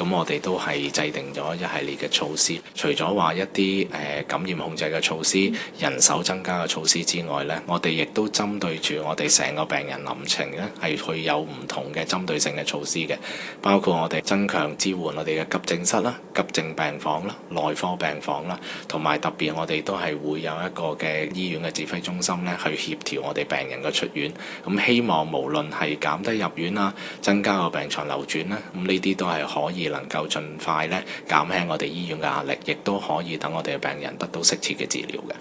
咁我哋都係制定咗一系列嘅措施，除咗話一啲誒、呃、感染控制嘅措施、人手增加嘅措施之外呢，我哋亦都針對住我哋成個病人臨牀呢，係去有唔同嘅針對性嘅措施嘅，包括我哋增強支援我哋嘅急症室啦、急症病房啦、內科病房啦，同埋特別我哋都係會有一個嘅醫院嘅指揮中心咧，去協調我哋病人嘅出院。咁希望無論係減低入院啊，增加個病床流轉咧，咁呢啲都係可以。能夠盡快咧減輕我哋醫院嘅壓力，亦都可以等我哋嘅病人得到適切嘅治療嘅。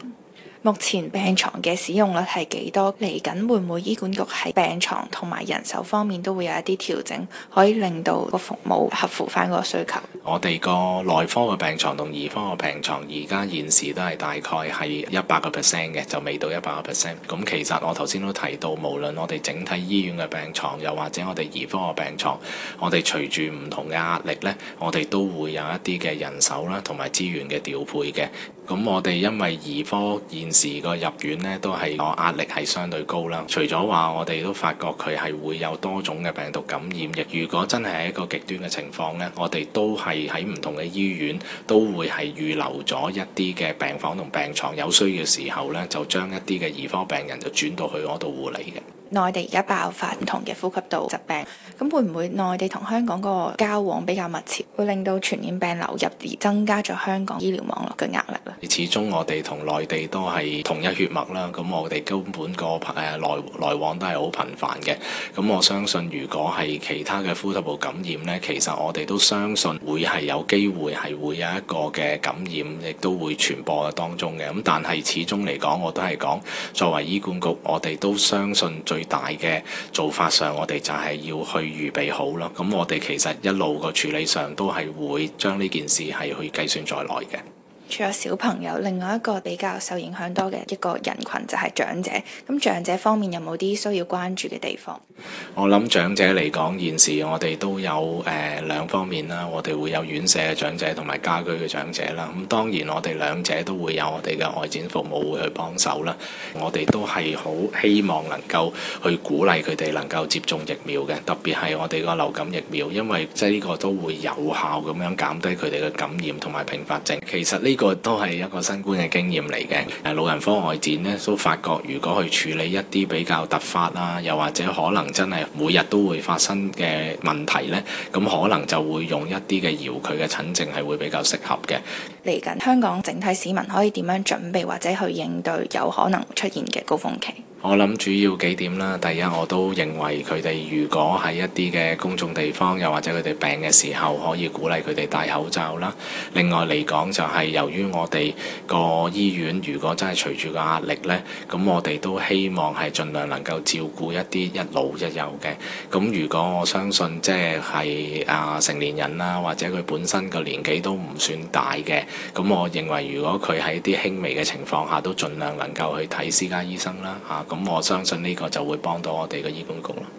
目前病床嘅使用率係幾多？嚟緊會唔會醫管局喺病床同埋人手方面都會有一啲調整，可以令到個服務合乎翻個需求？我哋個內科嘅病床同兒科嘅病床，而家現時都係大概係一百個 percent 嘅，就未到一百個 percent。咁其實我頭先都提到，無論我哋整體醫院嘅病床，又或者我哋兒科嘅病床，我哋隨住唔同嘅壓力呢，我哋都會有一啲嘅人手啦，同埋資源嘅調配嘅。咁我哋因為兒科現時個入院呢都係個壓力係相對高啦，除咗話我哋都發覺佢係會有多種嘅病毒感染，亦如果真係一個極端嘅情況呢，我哋都係喺唔同嘅醫院都會係預留咗一啲嘅病房同病床。有需要嘅時候呢，就將一啲嘅兒科病人就轉到去嗰度護理嘅。內地而家爆發唔同嘅呼吸道疾病，咁會唔會內地同香港個交往比較密切，會令到傳染病流入而增加咗香港醫療網絡嘅壓力呢？始終我哋同內地都係同一血脈啦，咁我哋根本個誒來來往都係好頻繁嘅。咁我相信，如果係其他嘅呼吸道感染呢，其實我哋都相信會係有機會係會有一個嘅感染，亦都會傳播喺當中嘅。咁但係始終嚟講，我都係講作為醫管局，我哋都相信最最大嘅做法上，我哋就係要去預備好啦。咁我哋其實一路個處理上都係會將呢件事係去計算在內嘅。除咗小朋友，另外一個比較受影響多嘅一個人群就係、是、長者。咁長者方面有冇啲需要關注嘅地方？我諗長者嚟講現時我哋都有誒兩、呃、方面啦。我哋會有院舍嘅長者同埋家居嘅長者啦。咁當然我哋兩者都會有我哋嘅外展服務會去幫手啦。我哋都係好希望能夠去鼓勵佢哋能夠接種疫苗嘅，特別係我哋個流感疫苗，因為即係呢個都會有效咁樣減低佢哋嘅感染同埋併發症。其實呢、這個、～個都係一個新冠嘅經驗嚟嘅。誒，老人科外展咧，都發覺如果去處理一啲比較突發啦，又或者可能真係每日都會發生嘅問題咧，咁可能就會用一啲嘅遙距嘅診症係會比較適合嘅。嚟緊香港整體市民可以點樣準備或者去應對有可能出現嘅高峰期？我諗主要幾點啦，第一我都認為佢哋如果喺一啲嘅公眾地方，又或者佢哋病嘅時候，可以鼓勵佢哋戴口罩啦。另外嚟講就係由於我哋個醫院如果真係隨住個壓力呢，咁我哋都希望係盡量能夠照顧一啲一老一幼嘅。咁如果我相信即係啊成年人啦，或者佢本身個年紀都唔算大嘅，咁我認為如果佢喺啲輕微嘅情況下，都盡量能夠去睇私家醫生啦，啊。咁我相信呢個就會幫到我哋嘅醫管局啦。